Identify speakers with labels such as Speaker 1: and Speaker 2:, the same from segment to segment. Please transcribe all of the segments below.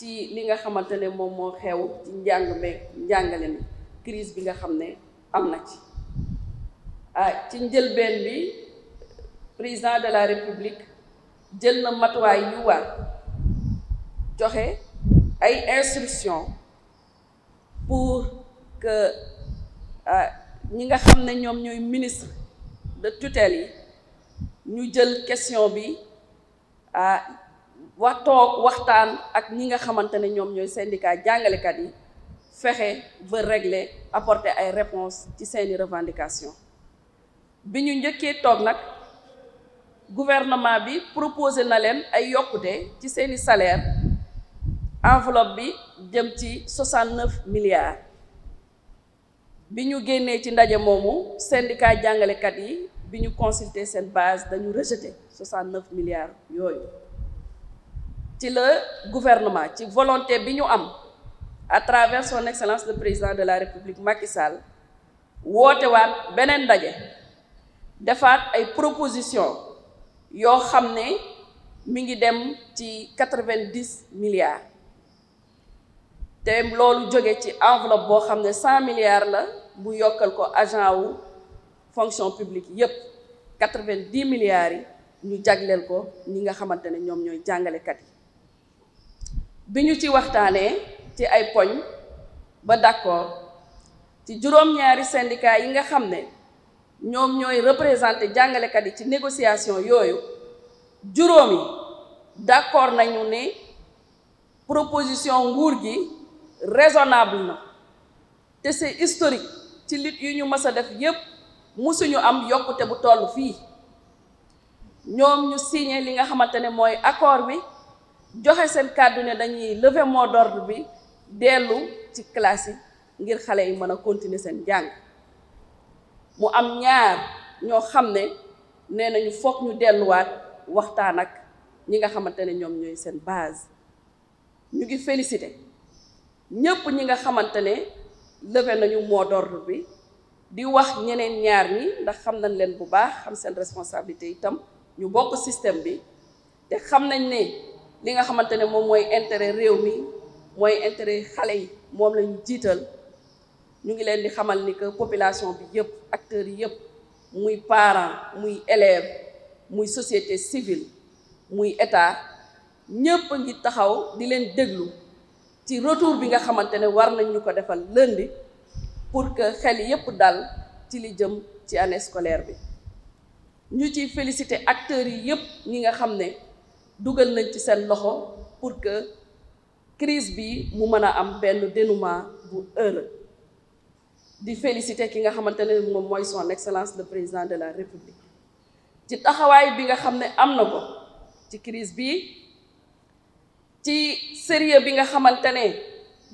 Speaker 1: ci li nga xamante ne moom moo xew ci njàng meeg njàngale mi crise bi nga xam ne am na ci ah ci njëlbeen bi président de la république jël na matuwaay yu war joxe ay instructions pour que ah, ñi nga xam ne ñoom ñooy ministre de tutelle yi ñu jël question bi ah wax toog waxtaan ak ñi nga xamante ne ñoom ñooy syndicat jàngalekat yi fexe ba régler apporter ay réponses ci seeni revendication bi ñu njëkkee toog nag gouvernement bi proposé na leen ay yokkute ci seeni salaire enveloppe bi jëm ci 69 milliards bi ñu génnee ci ndaje moomu syndicat jàngalekat yi bi ñu consulter seen base dañu rejeté 69 milliards yooyu ci la gouvernement ci volonté bi ñu am à travers son excellence le président de la république Macky Sall woote waan beneen ndaje defaat ay proposition yoo xam ne mi ngi dem ci quatre-vingt-dix milliards te loolu jóge ci enveloppe boo xam ne cent milliards la bu yokkal ko agent wu fonction publique yépp quatre-vingt-dix milliards yi ñu jagleel ko ñi nga xamante ne ñoom ñooy jàngalekat yi bi ñu ci waxtaanee ci ay poñ ba d'accord ci juróom-ñaari syndicat yi nga xam ne ñoom ñooy représenter jàngalekat yi ci négociation yooyu juróom yi d'accord nañu ne proposition nguur gi raisonnable na te c'est historique ci lutte yu ñu mës a def yépp musuñu am yokkute bu toll fii ñoom ñu signé li nga xamante ne mooy accord bi joxe seen kàddu ne dañuy lever moo d'ordre bi dellu ci classe yi ngir xale yi mën a continuer seen jàng mu am ñaar ñoo xam ne nee nañu foog ñu delluwaat waxtaan ak ñi nga xamante ne ñoom ñooy seen base ñu ngi félicité ñëpp ñi nga xamante ne levé nañu mot d'ordre bi di wax ñeneen ñaar ñi ndax xam nañ leen bu baax xam seen responsabilité itam ñu bokk système bi te xam nañ ne. li nga xamante ne moom mooy intérêt réew mi mooy intérêt xale yi moom lañu jiital ñu ngi leen di xamal ni que population bi yëpp acteurs yi yëpp muy parent muy élève muy société civile muy état ñëpp ngi taxaw di leen déglu ci retour bi nga xamante ne war nañ ñu ko defal lundi pour que xel yëpp dal ci li jëm ci année scolaire bi ñu ci félicité acteurs yi yëpp ñi nga xam ne dugal nañ ci seen loxo pour que crise bi mu mën a am benn dénouement bu heureux di féliciter ki nga xamante ne moom mooy son excellence le président de la république ci taxawaay bi nga xam ne am na ko ci crise bi ci sérieux bi nga xamante ne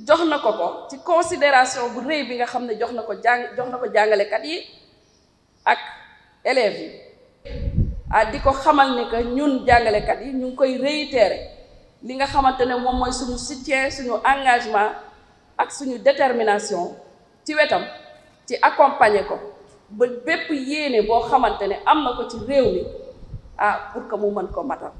Speaker 1: jox na ko ko ci considération bu rëy bi nga xam ne jox na ko jàng jox na ko jàngalekat yi ak élèves yi ah di ko xamal ne que ñun jàngalekat yi ñu ngi koy réitérer li nga xamante ne moom mooy suñu soutien suñu engagement ak suñu détermination ci wetam ci accompagner ko ba bépp yéene boo xamante ne am na ko ci réew mi ah pour que mu mën ko matal.